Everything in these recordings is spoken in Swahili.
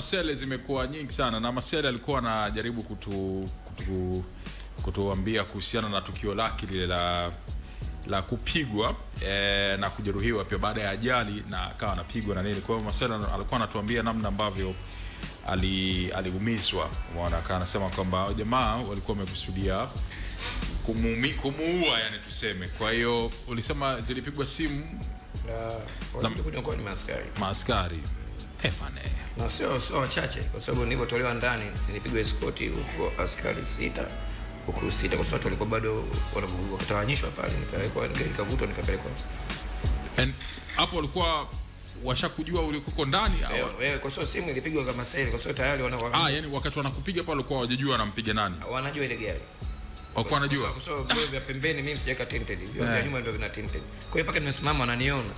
masele zimekuwa nyingi sana, na masele alikuwa anajaribu kutu, kutu, kutuambia kuhusiana na tukio lake lile la la kupigwa e, na kujeruhiwa pia baada ya ajali na akawa anapigwa na nini. Kwa hiyo Marcel alikuwa anatuambia namna ambavyo aliumizwa, ali akawa anasema kwamba jamaa walikuwa wamekusudia kumuua, kumuua yani tuseme. Kwa hiyo ulisema zilipigwa simu na uh, maaskari maaskari Efane na sio sio wachache, kwa sababu nilipotolewa ndani nilipigwa escort huko askari sita huko sita, kwa sababu walikuwa bado kutawanyishwa pale, nikawekwa nikavutwa nikapelekwa. And hapo walikuwa washakujua ulikuko ndani au wewe, eh, eh, Kwa sababu simu ilipigwa kama sasa, kwa sababu tayari wana ah, yani wakati wanakupiga pale walikuwa hawajajua wanampiga nani, wanajua ile gari Wakuwa wanajua. Kwa sababu vya pembeni mimi sijaweka tinted. Vya eh. nyuma ndio vina tinted. Kwa hiyo paka nimesimama wananiona.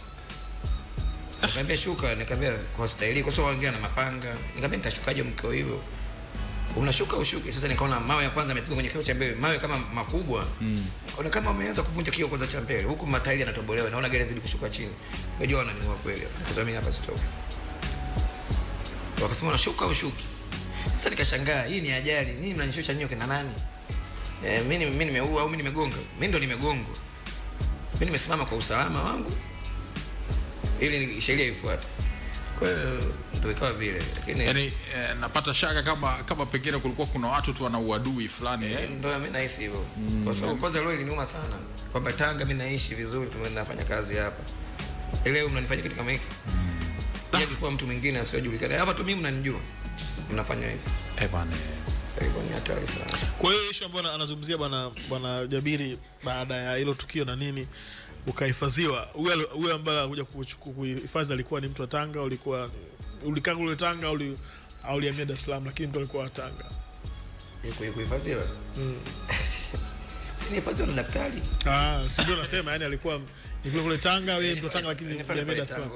Akaniambia shuka, nikamwambia kwa staili, kwa sababu wangia na mapanga. Nikamwambia nitashukaje mkeo hivyo? Unashuka ushuke. Sasa nikaona mawe ya kwanza amepiga kwenye kio cha mbele, mawe kama makubwa. Mm. Nikaona kama ameanza kuvunja kio kwanza cha mbele. Huko matairi yanatobolewa, naona gari zidi kushuka chini. Nikajua wananiua kweli. Nikasema mimi hapa sitoki. Wakasema unashuka ushuke. Sasa nikashangaa, hii ni ajali. Nini mnanishusha nyoke na nani? Eh, mimi mimi nimeua au mimi nimegonga? Mimi ndo nimegonga. Mimi nimesimama kwa usalama wangu ili sheria ifuate. Kwa hiyo ndio ikawa vile, lakini yani eh, napata shaka kama kama pengine kulikuwa kuna watu tu wana uadui fulani eh, ndio mimi nahisi hivyo, mm. kwa sababu kwanza leo iliniuma sana kwamba Tanga mimi naishi vizuri, tunafanya kazi hapa, leo mnanifanya kitu kama hiki mm. yeye yaani alikuwa mtu mwingine asiyojulikana hapa tu, mimi mnanijua, mnafanya hivi eh bwana. Kwa hiyo issue ambayo anazungumzia bwana bwana Jabiri baada ya hilo tukio na nini ukahifadhiwa. Huyo ambaye anakuja kuhifadhi alikuwa ni mtu wa Tanga, ulikuwa ulikaa kule Tanga au ulihamia Dar es Salaam? Lakini mtu alikuwa wa Tanga kuhifadhiwa mm. Ah, nasema yani alikuwa kule Tanga, mtu Tanga lakini Dar es Salaam.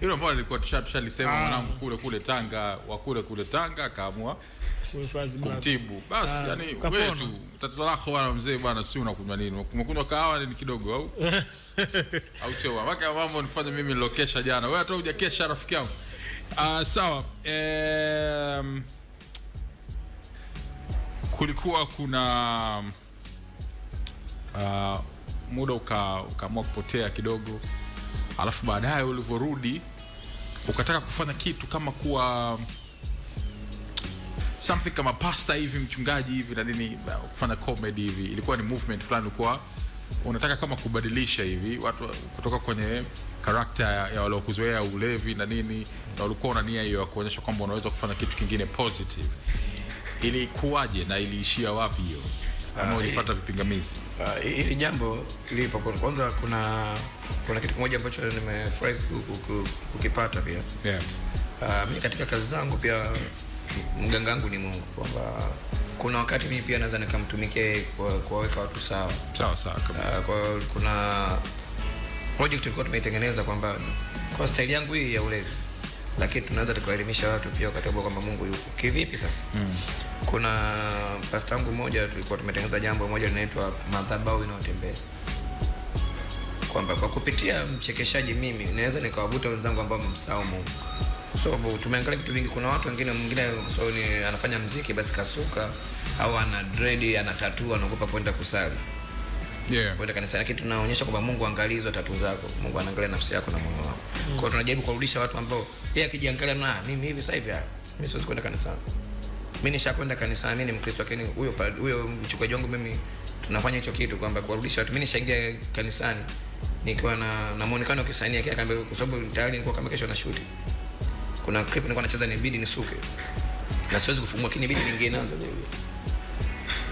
Hilo ambalo nilikuwa tushalisema ah. mwanangu kule kule Tanga, wa kule kule Tanga akaamua kumtibu basi. uh, Yani wewe tu tatizo lako bwana mzee bwana, si unakunywa nini? Umekunywa kahawa ni kidogo au au sio? Waka mambo nifanye mimi nilokesha jana, wewe hata hujakesha rafiki yangu. Uh, sawa um, kulikuwa kuna uh, muda ukaamua uka kupotea kidogo, alafu baadaye ulivyorudi ukataka kufanya kitu kama kuwa something kama pasta hivi mchungaji hivi na nini kufanya comedy hivi, ilikuwa ni movement fulani kwa unataka kama kubadilisha hivi watu kutoka kwenye karakta ya ya waliokuzoea ulevi na nini, na ulikuwa una nia hiyo ya kuonyesha kwamba unaweza kufanya kitu kingine positive. Ilikuwaje na iliishia wapi hiyo, ama ah, ulipata uh, vipingamizi? Hili ah, jambo lipo kwanza, kuna kuna kitu kimoja ambacho nimefurahi kukipata pia yeah. Uh, mimi katika kazi zangu pia mganga wangu ni Mungu kwamba kuna wakati mimi pia naweza nikamtumikia yeye kuwaweka watu sawa sawa sawa kabisa. Ah, kwa hiyo kuna project tulikuwa tumeitengeneza kwamba kwa staili yangu hii ya ulevi, lakini tunaweza tukaelimisha watu pia wakati wakatambua kwamba Mungu yuko kivipi. Sasa mm. kuna pasta wangu mmoja tulikuwa tumetengeneza jambo moja linaitwa madhabahu inayotembea kwamba kwa kupitia mchekeshaji mimi naweza nikawavuta wenzangu ambao wamemsahau Mungu sababu tumeangalia vitu vingi. Kuna watu wengine mwingine so anafanya mziki basi kasuka au ana dread ana tatua anaogopa kwenda kusali yeah. kwenda kanisa, lakini tunaonyesha kwamba Mungu angalia hizo tatu zako. Mungu anaangalia nafsi yako na moyo wako mm. kwa tunajaribu kurudisha watu ambao yeye akijiangalia na mimi hivi sasa hivi mimi siwezi kwenda kanisa, mimi nishakwenda kanisa, mimi ni Mkristo, lakini huyo huyo mchungaji wangu mimi tunafanya hicho kitu kwamba kuwarudisha watu. Mimi nishaingia kanisani nikiwa na, na muonekano wa kisanii, akaambia kwa sababu tayari nilikuwa kama kesho na shuti kuna clip nilikuwa nacheza inabidi nisuke na siwezi kufungua, lakini inabidi niingie nazo vile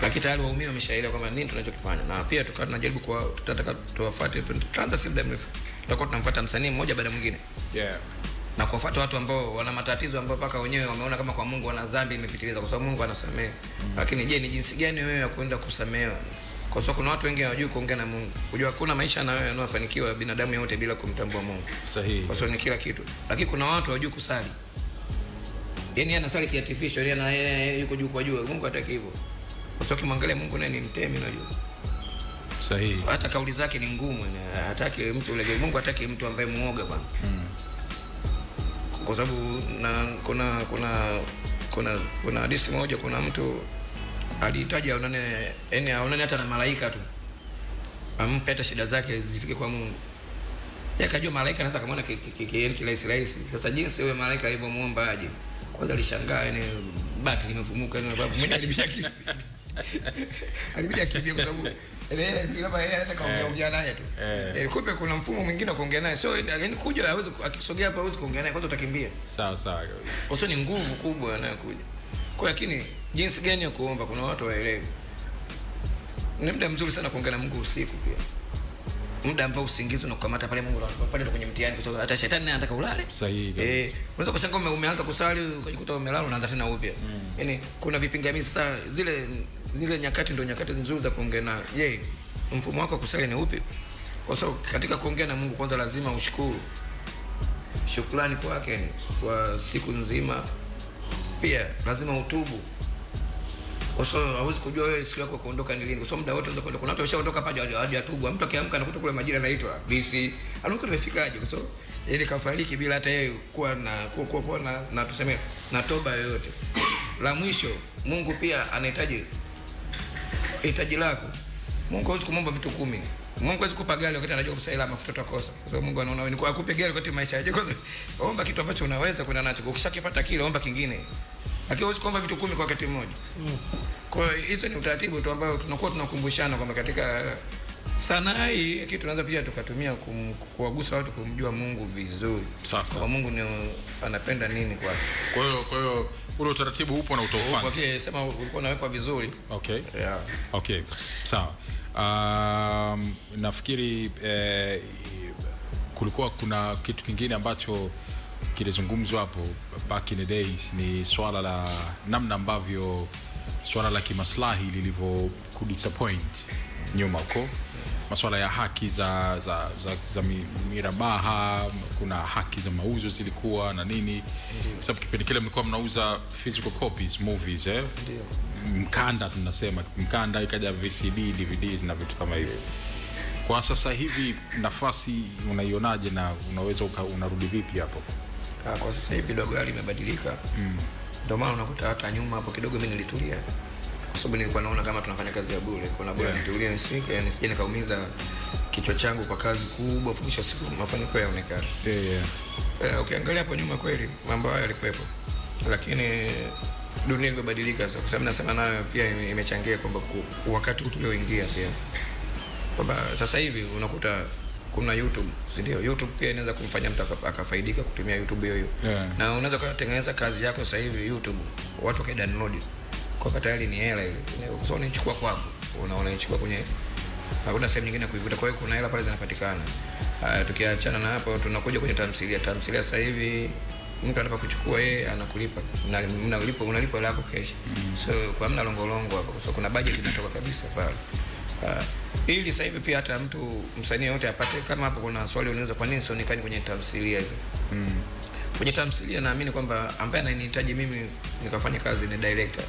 lakini tayari waumini wameshaelewa kwamba nini tunachokifanya, na pia tukawa tunajaribu kwa tutataka tuwafuate, tutaanza si muda mrefu tutakuwa tunamfuata msanii mmoja baada mwingine yeah na kuwafuata watu ambao wana matatizo ambao mpaka wenyewe wameona kama kwa Mungu wana dhambi imepitiliza, kwa sababu Mungu anasamehe. Mm. Lakini je, ni jinsi gani wewe ya kwenda kusamehewa? Kwa sababu kuna watu wengi hawajui kuongea na Mungu. Unajua hakuna maisha yanayofanikiwa binadamu yote bila kumtambua Mungu. Sahihi. Kwa sababu ni kila kitu. Lakini kuna watu hawajui kusali. Yaani anasali kiartificial, yaani yeye yuko juu kwa juu. Mungu hataki hivyo. Kwa sababu kimwangalia Mungu naye ni mtemi unajua. Sahihi. Hata kauli zake ni ngumu. Hataki mtu yule. Mungu hataki mtu ambaye muoga bwana. Mm. Kwa sababu na kuna kuna kuna kuna hadithi moja kuna mtu alihitaji aonane, yani aonane hata na malaika tu, ampe hata shida zake zifike kwa Mungu. Yakajua malaika anaweza kamaona kirahisi rahisi. Sasa jinsi huyo malaika alivyomuomba aje, kwanza alishangaa, yani bati limefumuka, yani sababu mwenye alibisha alibidi akimbie kwa sababu yaani kaongea naye tu. Eh, eh. Yaani kumbe kuna mfumo mwingine wa kuongea naye, sio yani kuja, hawezi akisogea hapa, hawezi kuongea naye, kwanza utakimbia. Sawa sawa, ni nguvu kubwa anayokuja kwa lakini jinsi gani ya kuomba, kuna watu waelewe. Ni muda mzuri sana kuongea na Mungu usiku pia, muda ambao usingizi unakukamata pale Mungu anakupa pale kwenye mtihani, kwa sababu hata shetani naye anataka ulale. Sahihi. Eh, unaweza kusema ume, umeanza kusali ukajikuta umelala unaanza tena upya. Mm. Yaani kuna vipingamizi sana, zile zile nyakati ndio nyakati nzuri za kuongea na Je, mfumo wako wa kusali ni upi? Kwa sababu katika kuongea na Mungu kwanza lazima ushukuru. Shukrani kwake kwa siku nzima pia lazima utubu, kwa sababu hawezi kujua wewe siku yako kuondoka ni lini, kwa sababu muda wote unaweza kuondoka. Kuna watu washaondoka pale atubu. mtu akiamka anakuta kule majira yanaitwa BC, anakuta amefikaje, kwa sababu ili kafariki bila hata yeye kuwa na kuwa, kuwa, kuwa na, na tuseme na toba yoyote. La mwisho, Mungu pia anahitaji hitaji lako. Mungu hawezi kumomba vitu kumi. Mungu hawezi kupa gari wakati anajua kusaila mafuta utakosa. Kwa sababu Mungu anaona wewe ni kwa akupe gari wakati maisha yaje. Omba kitu ambacho unaweza kwenda nacho. Ukishakipata kile, omba kingine lakini huwezi kuomba vitu kumi kwa wakati mmoja. Kwa hiyo hizo ni utaratibu tu ambao tunakuwa tunakumbushana kwamba katika eh, sanaa hii kitu tunaanza pia tukatumia kuwagusa watu kumjua Mungu vizuri, Sasa kwa Mungu ni anapenda nini kwa Kwa hiyo kwa hiyo ule utaratibu upo na utaufanya. Okay, sema ulikuwa unawekwa vizuri. Okay. Yeah. Okay. Sawa. Um, nafikiri eh, kulikuwa kuna kitu kingine ambacho kilizungumzwa hapo back in the days ni swala la namna ambavyo swala la kimaslahi lilivyo kudisappoint nyuma huko, masuala ya haki za, za, za, za mirabaha, kuna haki za mauzo zilikuwa na nini, kwa sababu kipindi kile mlikuwa mnauza physical copies movies eh? Mkanda tunasema mkanda, ikaja VCD, dvd na vitu kama hivyo. Kwa sasa hivi nafasi unaionaje na unaweza unarudi vipi hapo? Ah, kwa sasa hivi kidogo hali imebadilika, mm. ndio maana unakuta hata nyuma hapo kidogo mimi nilitulia kwa sababu nilikuwa naona kama tunafanya kazi ya bure, kuna yeah. nitulie nisike, yani sije nikaumiza kichwa changu kwa kazi kubwa, mwisho siku mafanikio yaonekane. Yeah, yeah. Eh, ukiangalia hapo nyuma kweli mambo hayo yalikuwepo, lakini dunia ilibadilika sasa, kwa sababu nasema nayo pia imechangia kwamba wakati tulioingia pia kwamba sasa hivi unakuta kuna YouTube, si ndio? YouTube pia inaweza kumfanya mtu akafaidika kutumia YouTube hiyo hiyo yeah. Na unaweza kutengeneza kazi yako sasa hivi YouTube, watu download. kwa sababu tayari ni hela ile, so unaichukua kwako, unaona unaichukua kwenye hakuna sehemu nyingine kuivuta. Kwa hiyo kuna hela pale zinapatikana. Uh, tukiachana na hapo, tunakuja kwenye tamthilia. Tamthilia sasa hivi mtu anataka kuchukua yeye anakulipa, unalipa unalipa hela yako kesho, Mm. so kwa mna longolongo hapo, so kuna budget inatoka kabisa pale uh, ili sasa hivi pia hata mtu msanii yote apate. Kama hapo kuna swali unaweza, kwa nini sionekani kwenye tamthilia hizo? mm. Kwenye tamthilia naamini kwamba ambaye ananihitaji mimi nikafanya kazi ni director,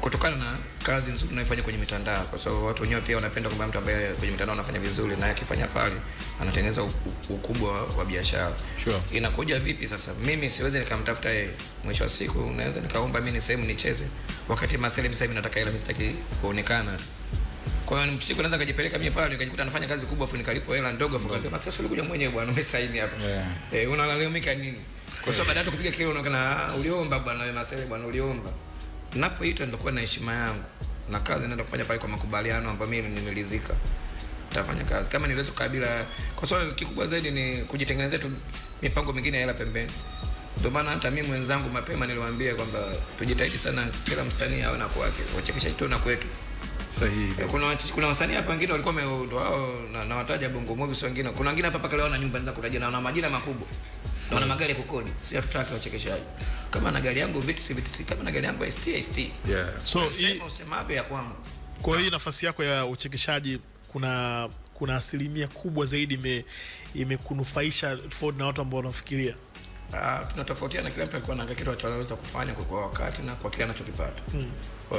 kutokana na kazi nzuri tunayofanya kwenye mitandao, kwa sababu watu wenyewe pia wanapenda kwamba mtu ambaye kwenye mitandao anafanya vizuri, na akifanya pale anatengeneza ukubwa wa biashara. Sure. Inakuja vipi sasa? Mimi siwezi nikamtafuta yeye, mwisho wa siku naweza nikaomba mimi ni sehemu nicheze, wakati Masele sasa nataka, ile mimi kuonekana kwa hiyo msiku naweza kujipeleka mimi pale nikajikuta nafanya kazi kubwa afu nikalipo hela ndogo afu kaambia sasa ulikuja mwenyewe bwana umesaini hapa. Eh, unalalamika nini? Kwa sababu baada ya kupiga kelele unaona ah, uliomba bwana wewe masele bwana uliomba. Ninapoitwa nitakuwa na heshima yangu na kazi naenda kufanya pale kwa makubaliano ambayo mimi nimelizika tafanya kazi kama niweze kabila, kwa sababu kikubwa zaidi ni kujitengenezea tu mipango mingine ya hela pembeni. Ndio maana hata mimi mwenzangu mapema niliwaambia kwamba tujitahidi sana, kila msanii awe na kwake, wachekesha tu na kwetu. Sahihi. Eh, kuna kuna wasanii hapa wengine walikuwa ndo wao na, na wataja Bongo sio wengine. Kuna wengine hapa paka leo na nyumba ndio kutaja na wana majina makubwa. Na wana magari kukodi. Si hatutaki wachekeshaji. Kama na gari yangu vitu vitu, kama na gari yangu ST ST. Yeah. So hii unasema hapo ya kwangu. Kwa hiyo nafasi yako ya uchekeshaji kuna kuna asilimia kubwa zaidi ime imekunufaisha tofauti na watu ambao wanafikiria. Uh, tunatofautiana, kila mtu alikuwa anaangalia kitu anachoweza kufanya kwa wakati na kwa kile anachokipata. Mm. Kwa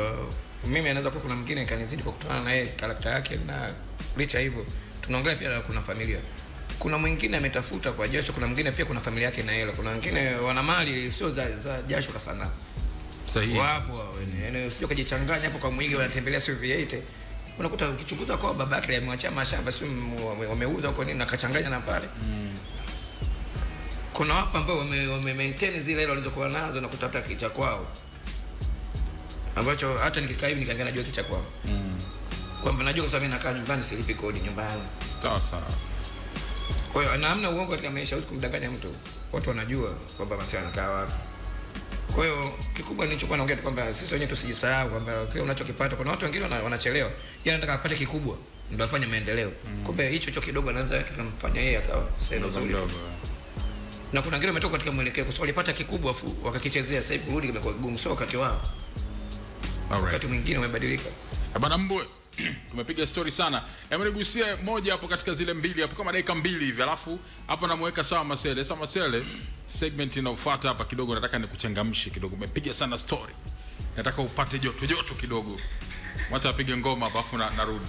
mimi anaweza kuwa kuna mwingine kanizidi kwa kutana na yeye karakta yake, na licha hivyo tunaongea pia, kuna familia, kuna mwingine ametafuta kwa jasho, kuna mwingine pia kuna familia yake na hela, kuna wengine wana mali sio za, za jasho la sanaa. Sahihi, wapo yani, usije kujichanganya hapo kwa mwingi, wanatembelea sio vyeite, unakuta ukichunguza kwa baba yake amemwachia mashamba sio wameuza huko nini, nakachanganya na pale mm. Kuna wapo ambao wame, wame maintain zile hela walizokuwa nazo na kutafuta kicha kwao ambacho hata nikikaa hivi nikaangalia najua kicha kwao. mm. kwamba najua kwa sababu nakaa nyumbani silipi kodi nyumbani. Sawa sawa. Kwa hiyo na hamna uongo katika maisha, usiku mdanganya mtu, watu wanajua kwamba Masai anakaa wapi. Kwa hiyo kikubwa nilichokuwa naongea kwamba sisi wenyewe tusijisahau kwamba kile unachokipata, kuna watu wengine wanachelewa, yeye anataka apate kikubwa ndio afanye maendeleo mm. Kumbe hicho hicho kidogo anaanza kikamfanya yeye akawa sehemu nzuri na kuna wengine wametoka katika mwelekeo kwa sababu walipata kikubwa afu wakakichezea, sasa hivi kurudi kimekuwa gumu, sio wakati wao wakati mwingine umebadilika. Eh, bwana Mbwe, tumepiga stori sana, hebu nigusie moja hapo katika zile mbili hapo, kama dakika mbili hivi, alafu hapo namweka sawa Masele. Sawa Masele, segment inayofuata hapa kidogo nataka nikuchangamshe kidogo, umepiga sana stori, nataka upate joto joto kidogo. Mwacha apige ngoma hapa, afu narudi.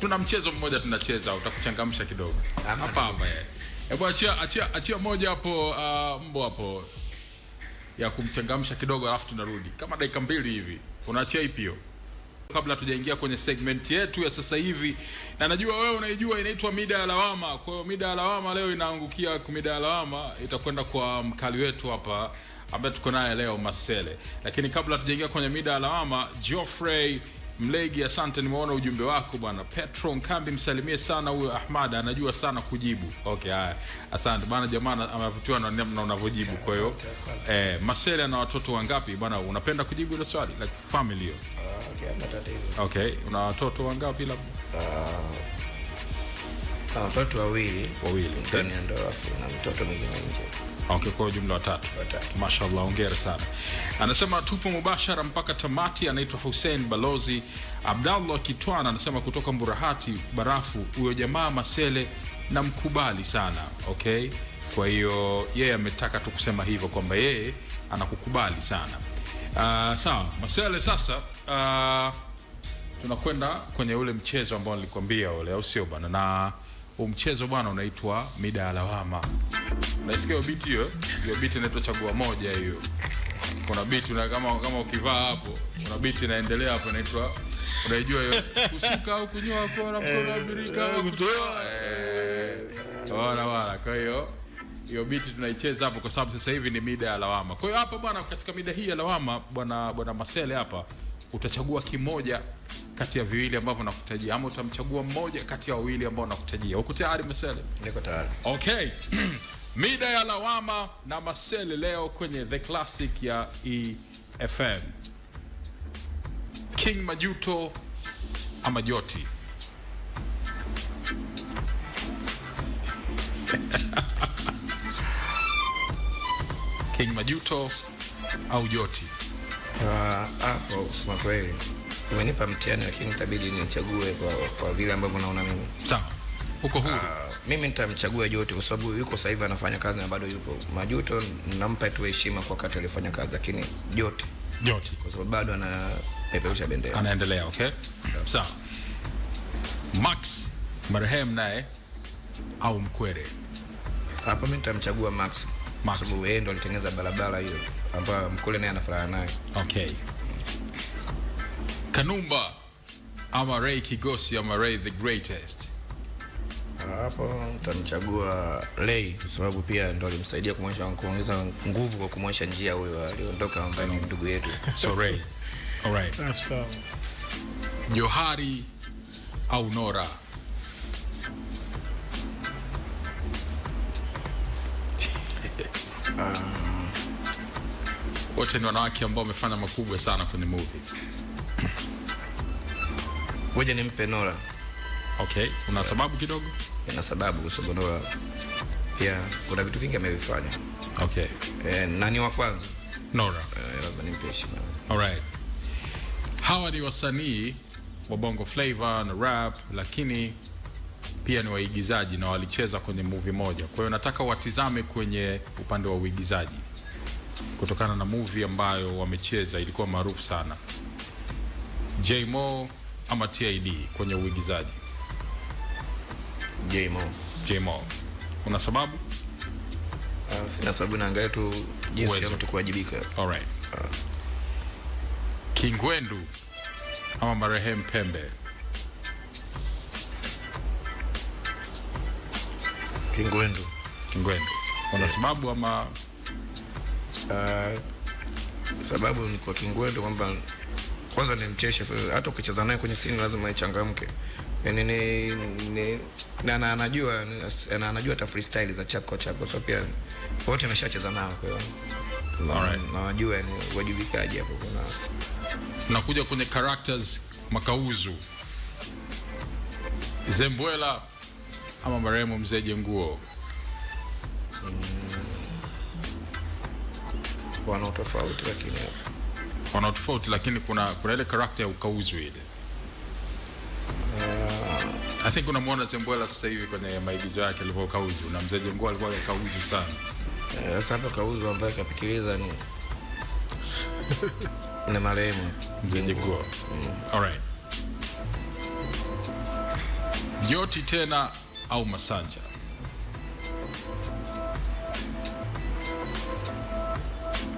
Tuna mchezo mmoja tunacheza, utakuchangamsha kidogo hapa hapa. Eh. Hebu achia, achia, achia moja hapo uh, Mbwe hapo ya kumchangamsha kidogo, alafu tunarudi kama dakika mbili hivi. Unaachia ipi Kabla tujaingia kwenye segment yetu ya sasa hivi, na najua wewe unaijua inaitwa mida ya lawama. Kwa hiyo mida ya lawama leo inaangukia, mida ya lawama itakwenda kwa mkali wetu hapa ambaye tuko naye leo Masele. Lakini kabla tujaingia kwenye mida ya lawama, Geoffrey Mlegi, asante, nimeona ujumbe wako bwana Petro Nkambi, msalimie sana huyo Ahmad, anajua sana kujibu. Okay, haya, asante bwana. Jamaa amevutiwa na namna unavyojibu. Kwa hiyo eh, Masele ana watoto wangapi bwana? Unapenda kujibu hilo swali like family hiyo? Uh, okay, okay, una watoto wangapi labda? Uh, watoto wawili wawili, ndio na mtoto mwingine nje Okay, ujumla jumla watatu. Mashallah, hongera sana. Anasema tupo mubashara mpaka tamati. Anaitwa Hussein Balozi Abdallah Kitwana, anasema kutoka Mburahati Barafu. Huyo jamaa Masele namkubali sana. Okay, kwa hiyo yeye ametaka tu kusema hivyo kwamba yeye anakukubali sana. Uh, sawa Masele, sasa uh, tunakwenda kwenye ule mchezo ambao nilikwambia ule, au sio bwana? Na huu mchezo bwana unaitwa mida ya lawama. Naisikia beat hiyo, hiyo beat inaitwa chagua moja hiyo. Kuna beat na kama kama ukivaa hapo, kuna beat inaendelea hapo inaitwa unaijua hiyo. Usika au kunywa hapo na mkono eh, abirika au kutoa. Wala wala, eh, eh, kwa hiyo hiyo beat tunaicheza hapo kwa sababu sasa hivi ni mida ya lawama. Kwa hiyo hapa bwana, katika mida hii ya lawama bwana bwana Masele hapa utachagua kimoja kati ya viwili ambavyo nakutajia ama utamchagua mmoja kati ya wawili ambao nakutajia. Uko tayari Masele? Niko tayari. Okay. Mida ya lawama na maseli leo kwenye The Classic ya EFM. King Majuto ama Joti King Majuto au Joti? Hapo uh, ah, kusema kweli umenipa mtihani, lakini itabidi nichague kwa, kwa vile ambavyo naona mimi. Sawa uko huru? Uh, mimi nitamchagua Joto kwa sababu yuko sasa hivi anafanya kazi na bado yupo. Majuto nampa tu heshima kwa wakati alifanya kazi, lakini Joto Joto kwa sababu bado anapeperusha bendera. Anaendelea, okay? Sawa. So, Max marehemu naye au Mkwere? Hapo mimi nitamchagua Max. Max. Kwa sababu yeye ndo alitengeneza barabara hiyo ambayo Mkwere naye anafurahia naye. Okay. Kanumba ama Ray Kigosi ama Ray the greatest? hapo mtanichagua Lei kwa sababu pia ndo alimsaidia kumwonyesha, kuongeza nguvu kwa kumwonyesha njia huyo aliondoka, ambaye ni ndugu yetu. So Ray. All right. Johari au Nora? Um, wote ni wanawake ambao wamefanya makubwa sana kwenye movies. Ngoja nimpe Nora. Okay, kuna sababu kidogo? Kuna sababu Sogonola pia kuna vitu vingi amevifanya. Okay. Eh, nani wa kwanza? Nora. Eh, labda nimpe heshima. All right. Hawa ni wasanii wa Bongo Flava na rap lakini pia ni waigizaji na walicheza kwenye movie moja. Kwa hiyo nataka watizame kwenye upande wa uigizaji kutokana na movie ambayo wamecheza ilikuwa maarufu sana. J Mo ama TID kwenye uigizaji. Jmo. Jmo. Una sababu? Uh, sina sababu, naangalia tu jinsi ya mtu kuwajibika. Alright. Uh. Ah. Kingwendu ama marehemu Pembe. Kingwendu. Kingwendu. Una sababu ama? Uh, sababu ni kwa Kingwendu kwamba kwanza ni mcheshi, hata ukicheza naye kwenye sini lazima ichangamke. Yaani ni, ni na anajua na anajua ta freestyle za chako chako, so pia wote ameshacheza nao, kwa hiyo na wajua ni wajibikaji hapo. Kuna tunakuja kwenye characters makauzu Zembwela ama marehemu mzee Jenguo wana tofauti, lakini wana tofauti, lakini kuna kuna ile character ya ukauzu ile I think unamwona Sembwela sasa hivi kwenye maigizo yake alivyo kauzu na mzee Jengo alikuwa kauzu sana. Eh, Sasa hapa kauzu ambaye kapitiliza ni ni marehemu mzee Jengo. Mm. All right. Yoti tena au Masanja?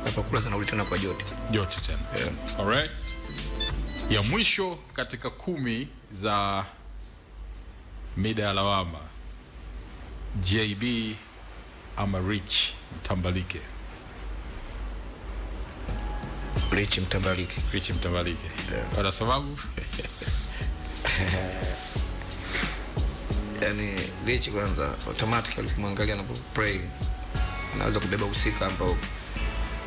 Hapa kula sana ulitana kwa Joti. Joti tena. Yeah. All right. Ya mwisho katika kumi za mida ya lawama, JB ama Rich Mtambalike? Rich Mtambalike, Rich Mtambalike yeah. Kwa sababu yani Rich kwanza automatically ukimwangalia na pray naweza kubeba usika ambao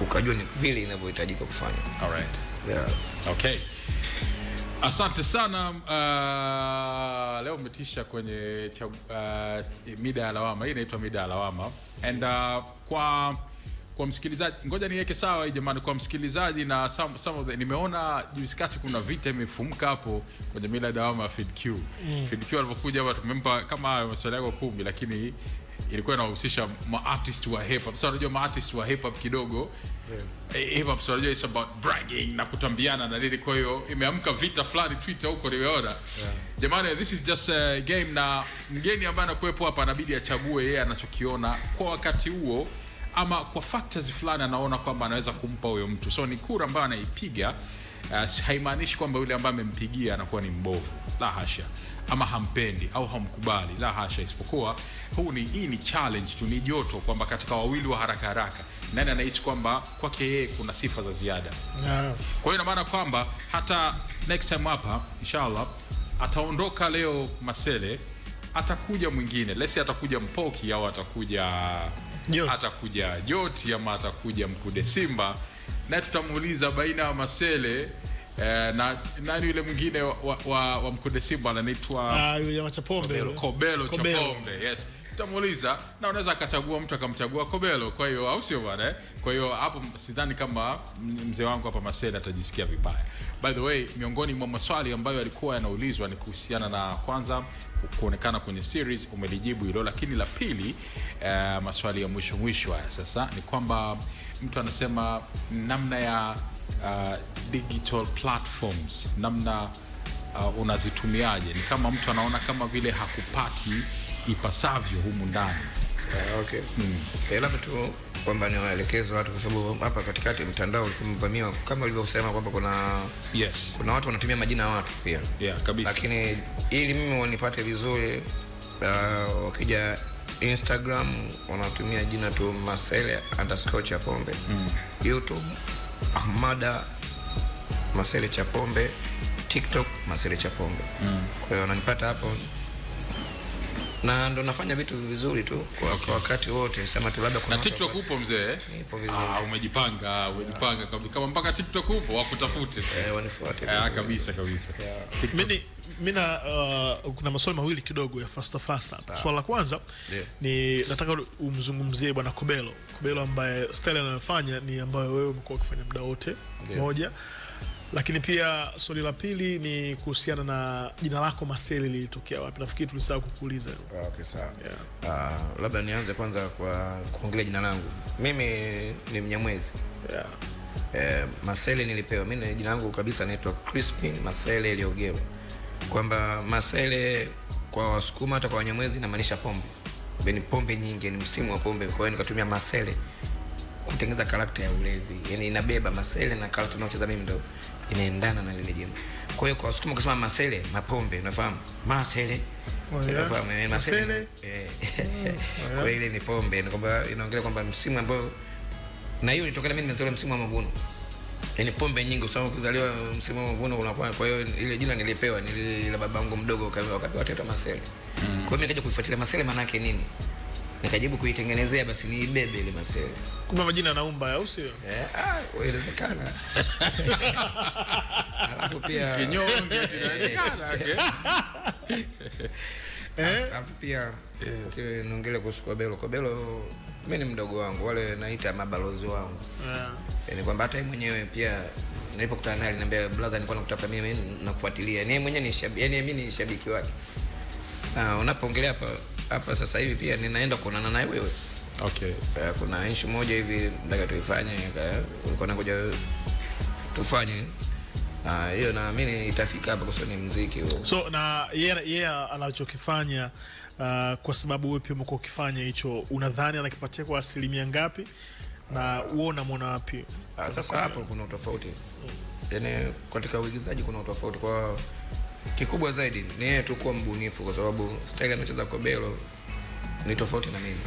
ukajua ni vile inavyohitajika kufanya. All right. Yeah. Okay. Asante sana uh, leo umetisha kwenye cha, uh, mida ya lawama. Hii inaitwa mida ya lawama and uh, kwa kwa msikilizaji, ngoja niweke sawa hii jamani, kwa msikilizaji na some, some of the, nimeona juzi kati kuna vita imefumka hapo kwenye mida ya lawama ya FeedQ. Mm. FeedQ alipokuja hapa tumempa kama maswali yako kumi, lakini ilikuwa inahusisha maartist wa hiphop sa Sasa unajua maartist wa hiphop hop kidogo yeah. Eh, hip unajua it's about bragging na kutambiana na nini, kwa hiyo imeamka vita fulani Twitter huko nimeona yeah. Jamani, this is just a game, na mgeni ambaye anakuwepo hapa anabidi achague yeye anachokiona kwa wakati huo ama kwa factors fulani anaona kwamba anaweza kumpa huyo mtu, so ni kura ambayo anaipiga. Uh, haimaanishi kwamba yule ambaye amempigia anakuwa ni mbovu, la hasha ama hampendi au hamkubali, la hasha, isipokuwa huu ni hii ni challenge tu, ni joto kwamba katika wawili wa haraka haraka nani anahisi kwamba kwake yeye kuna sifa za ziada yeah. Kwa hiyo ina maana kwamba hata next time hapa inshallah ataondoka leo Masele, atakuja mwingine lesi, atakuja Mpoki au atakuja Jot. atakuja Joti ama atakuja Mkude Simba, na tutamuuliza baina ya Masele Eh, na nani yule mwingine wa, wa, wa Simba anaitwa ah, yule wa Chapombe Kobelo, Chapombe yes tamuuliza na unaweza akachagua mtu akamchagua Kobelo, kwa hiyo au sio bwana eh? Kwa hiyo hapo sidhani kama mzee wangu hapa Masela atajisikia vibaya. By the way, miongoni mwa maswali ambayo alikuwa yanaulizwa ni kuhusiana na kwanza kuonekana kwenye series, umelijibu hilo, lakini la pili eh, maswali ya mwisho mwisho haya sasa ni kwamba mtu anasema namna ya uh, digital platforms namna uh, unazitumiaje. Ni kama mtu anaona kama vile hakupati ipasavyo humu ndani. Uh, okay. Hmm. Eh, labda tu kwamba watu kwa sababu hapa katikati mtandao ulivamiwa kama ulivyosema kwamba kuna yes. kuna watu wanatumia majina ya watu pia. Yeah, kabisa. Lakini ili mimi wanipate vizuri uh, wakija Instagram wanatumia jina tu Masele underscore Mm. YouTube Ahmada Masele Chapombe, TikTok Masele Chapombe. Mm. Kwa hiyo wananipata hapo na ndo nafanya vitu vizuri tu kwa okay. Wakati wote sema tu labda kuna na TikTok upo mzee? Eh, ipo vizuri. Ah, umejipanga, umejipanga yeah. Kama mpaka TikTok upo wakutafute. Eh, wanifuate. Eh, kabisa kabisa. Yeah. Mimi mimi uh, kuna maswali mawili kidogo ya fasta fasta. hapa. Swali la kwanza yeah, ni nataka umzungumzie bwana Kobelo. Kobelo ambaye style anayofanya ni ambayo wewe umekuwa ukifanya muda wote yeah, moja lakini pia swali la pili ni kuhusiana na jina lako Maseli lilitokea wapi? Nafikiri tulisahau kukuuliza. Ah, okay, sawa. Yeah. Uh, labda nianze kwanza kwa kuongelea jina langu. Mimi ni Mnyamwezi. Yeah. Eh, Maseli nilipewa. Mimi jina langu kabisa naitwa Crispin Maseli Liogero kwamba masele kwa Wasukuma hata kwa Wanyamwezi inamaanisha pombe, ni yaani pombe nyingi, ni msimu wa pombe. Kwa hiyo nikatumia masele kutengeneza karakta ya ulevi, yani inabeba masele na karakta naocheza mimi ndo inaendana na lile jina. Kwa hiyo kwa Wasukuma ukisema masele, mapombe, unafahamu masele kwa ile ni pombe, ni kwamba inaongelea kwamba msimu ambao, na hiyo ilitokana mimi nimezaliwa msimu wa mavuno yani pombe nyingi, kwa sababu kuzaliwa msimu wa mvuno unakuwa. Kwa hiyo ile jina nilipewa ni nilila babangu mdogo, wakati wakapewa Taitwa Masele. Mm. Kwa hiyo nikaja kuifuatilia Masele maana yake nini, nikajibu kuitengenezea basi ni niibebe ile Masele. Kumbe majina naumba, au sio? Eh, ah, inawezekana. Alafu pia kinyonge inawezekana eh, alafu pia eh. kile niongelee kuhusu Kobelo. Kobelo mi ni mdogo wangu, wale naita mabalozi wangu yeah. Eh, ni kwamba hata yeye mwenyewe pia nilipokutana naye aliniambia, brother, nilikuwa nakutafuta mimi nakufuatilia. Ni yeye mwenyewe ni shabiki, yani mimi ni shabiki wake. Na unapoongelea hapa hapa sasa hivi pia ninaenda kuonana naye wewe. Okay. Eh, kuna issue moja hivi nataka tuifanye, eh, ulikuwa unakuja tufanye hiyo, naamini itafika hapa kwa sababu ni muziki huo. So na yeye yeah, yeah, anachokifanya Uh, kwa sababu wewe pia umekuwa ukifanya hicho, unadhani anakipatia kwa asilimia ngapi na wewe unamwona wapi? Uh, sasa hapo kuna utofauti hmm. Yani katika uigizaji kuna utofauti kwa kikubwa zaidi ni yeye tu kuwa mbunifu, kwa sababu style anacheza Kobelo ni tofauti na mimi,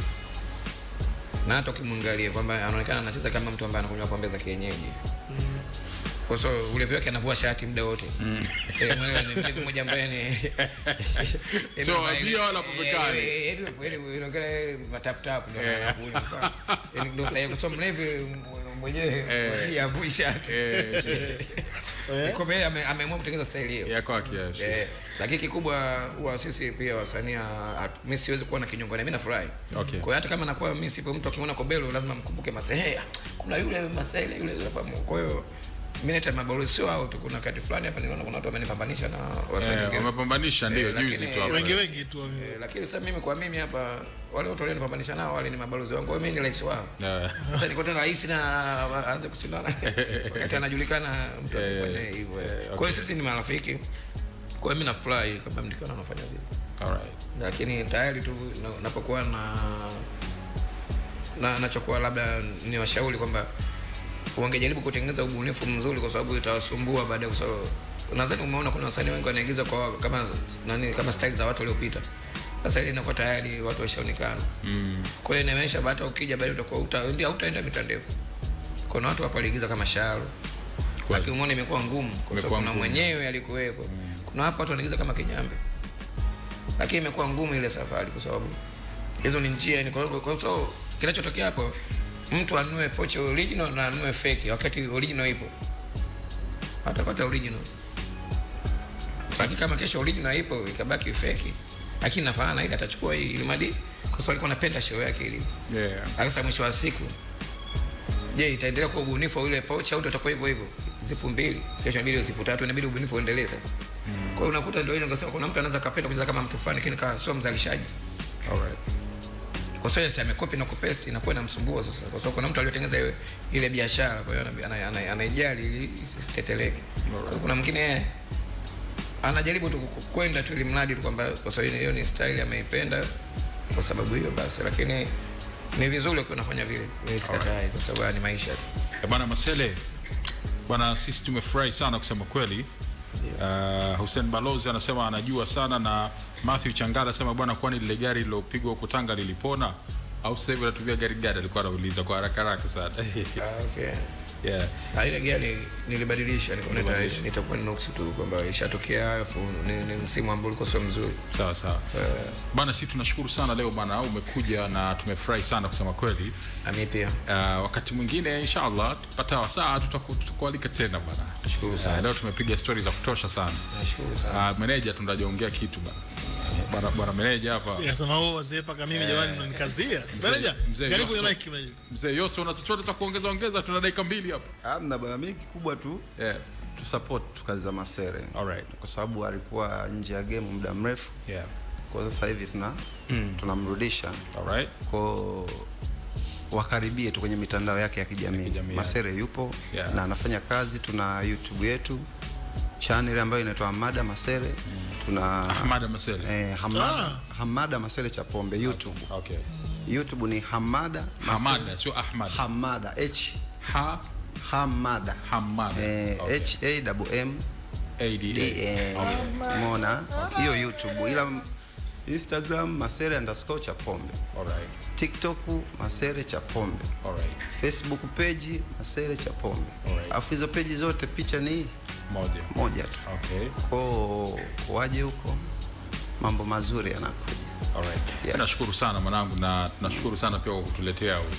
na hata ukimwangalia kwamba anaonekana anacheza kama mtu ambaye anakunywa pombe za kienyeji mm kwa sababu ulevi wake anavua shati muda wote mm. E, mmoja ambaye ni so hiyo wala popekani ile ile matap tap ndio eh. anakunywa eh, ndio sasa kwa sababu mlevi mwenyewe eh, avui shati eh, eh. hiyo ameamua kutengeneza staili hiyo ya kwake eh, lakini kikubwa huwa sisi pia wasanii, ah, mimi siwezi kuwa na kinyongo na mimi nafurahi okay. Kwa hiyo hata kama nakuwa mimi sipo, mtu akiona Kobelo lazima mkumbuke Masai, kuna yule Masai yule yule. Kwa hiyo mimi naita mabalozi, sio hao tu. Kuna kati fulani hapa niliona kuna watu wamenipambanisha na wasanii eh, wengi wamepambanisha, ndio eh, juzi tu hapo, wengi wengi tu, eh, lakini sasa mimi kwa mimi hapa wale watu walio nipambanisha nao wale ni mabalozi wangu, mimi ni rais wao. Sasa niko tena rais na aanze kushindana wakati anajulikana mtu anafanya hivyo. Kwa hiyo sisi ni marafiki, kwa hiyo mimi nafurahi kama mdikiona anafanya vile, alright, lakini tayari tu napokuwa na na nachokuwa labda ni washauri kwamba wangejaribu kutengeneza ubunifu mzuri, kwa sababu itawasumbua baadaye. Kwa sababu nadhani umeona kuna wasanii wengi wanaigiza kwa kama nani, kama style za watu waliopita. Sasa ile inakuwa tayari watu washaonekana mm. Kwa hiyo inaonyesha hata ukija baadaye utakuwa uta, ndio hautaenda mita ndefu. Kuna watu hapa waliigiza kama Sharo, lakini umeona imekuwa ngumu kwa sababu kuna mwenyewe alikuwepo mm. Kuna hapa watu wanaigiza kama Kinyambe, lakini imekuwa ngumu ile safari, kwa sababu hizo ni njia ni kwa kwa, sababu kinachotokea hapo mtu anue pochi original na anue fake, wakati original ipo atapata original. lakini kama kesho original ipo ikabaki fake, lakini nafahamu ile atachukua hii ile madi, kwa sababu alikuwa anapenda show yake ile. Yeah. Sasa mwisho wa siku, je, itaendelea kwa ubunifu ile pochi au itakuwa hivyo hivyo? zipo mbili, kesho mbili, zipo tatu, inabidi ubunifu uendelee sasa. Mm. Kwa hiyo unakuta ndio ile, ngasema kuna mtu anaweza kapenda kucheza kama mtu fulani, lakini kama sio mzalishaji. All right. Kwa sababu sasa amekopi na kupaste inakuwa inamsumbua sasa, kwa sababu kuna mtu aliyotengeneza ile biashara, kwa hiyo anaijali ili isiteteleke. Kuna mwingine yeye anajaribu tu kwenda tu, ili mradi tu kwamba kwa sababu hiyo ni style ameipenda, kwa sababu hiyo basi, lakini ni vizuri ukiwa unafanya vile, sikatai, kwa sababu ni maisha eh, bwana. Masele bwana, sisi tumefurahi sana kusema kweli. Uh, Hussein Balozi anasema anajua sana, na Matthew Changara anasema bwana, kwani lile gari lilopigwa huko Tanga lilipona au sasa hivi anatumia gari gani? Alikuwa anauliza kwa haraka haraka sana. Ah, okay. Yeah. Ile gia nilibadilisha nitakuwa ninahusu tu kwamba ishatokea afu ni msimu ambao ulikuwa sio mzuri. Sawa sawa. yeah. Bana, sisi tunashukuru sana leo bana, umekuja na tumefurahi sana kusema kweli. Mimi pia. Uh, wakati mwingine inshallah tupata wasaa tutakualika tena bana. Nashukuru sana. Uh, leo tumepiga stories za kutosha sana. Nashukuru sana. Uh, ah, manager tunajaongea kitu bana bwana meneja hapa. wewe oh, Wazee paka mimi eh, jamani mnanikazia. Meneja, karibu na mic meneja. Mzee Yose una chochote cha kuongeza ongeza, tuna dakika mbili hapa. Hamna bwana, mimi kikubwa tu Eh. Tu support kazi za Masere. All right. Kwa sababu alikuwa nje ya game muda mrefu. Yeah. Kwa sasa hivi tuna mm. tunamrudisha. right. Kwa wakaribie tu kwenye mitandao yake ya kijamii. Kijami, Masere yupo yeah. na anafanya kazi, tuna YouTube yetu channel ambayo inaitwa Mada Masere. Mm tuna Hamada Masele. Eh, Hamada, ah. Hamada Masele cha pombe YouTube. Okay. YouTube ni Hamada Masele. Hamada, sio Ahmad. Hamada H H Hamada. Hamada. Eh, okay. H A W M A D A. Okay. Mona hiyo YouTube ila Instagram Masele underscore Chapombe. All right. TikTok Masere cha pombe Alright. Facebook page Masere cha pombe Alright. Afu hizo page zote picha ni moja. Moja tu. Okay. Kwao waje huko mambo mazuri yanakuja. Alright. Yes. Nashukuru sana mwanangu na tunashukuru sana pia kwa kutuletea huyu.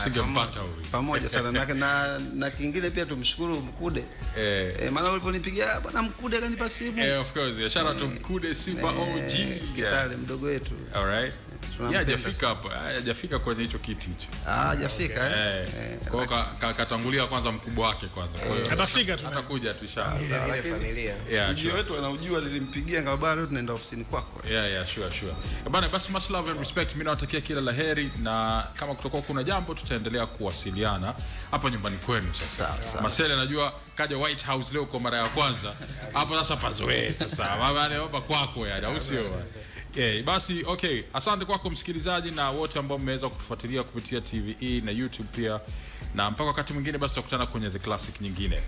Usingempata huyu. Pamoja sana na, na, na kingine pia tumshukuru Mkude. Eh. Eh, maana uliponipigia ah, bwana Mkude akanipa simu. Eh, of course. Shout out to eh, Mkude Simba eh, OG. Kitale mdogo wetu. Alright. Eh hajafika ah, kwenye hicho kiti hicho, hajafika ah, eh? Eh, eh. Kwa katangulia kwanza mkubwa wake kwanza, kwa hiyo atafika tu, atakuja tu ah, familia. Ujio wetu anaujua, nilimpigia ngabara leo, tunaenda ofisini kwako. Yeah, yeah, sure sure bana, basi much love and respect. Mimi nawatakia kila la heri, na kama kutokuwa kuna jambo, tutaendelea kuwasiliana hapa nyumbani kwenu. Sasa Marcel anajua kaja White House leo kwa mara ya kwanza hapo sasa pazoee sasa, mama anaomba kwako, yani au sio? Yeah, basi okay, asante kwako msikilizaji na wote ambao mmeweza kutufuatilia kupitia TVE na YouTube pia, na mpaka wakati mwingine, basi tutakutana kwenye the classic nyingine.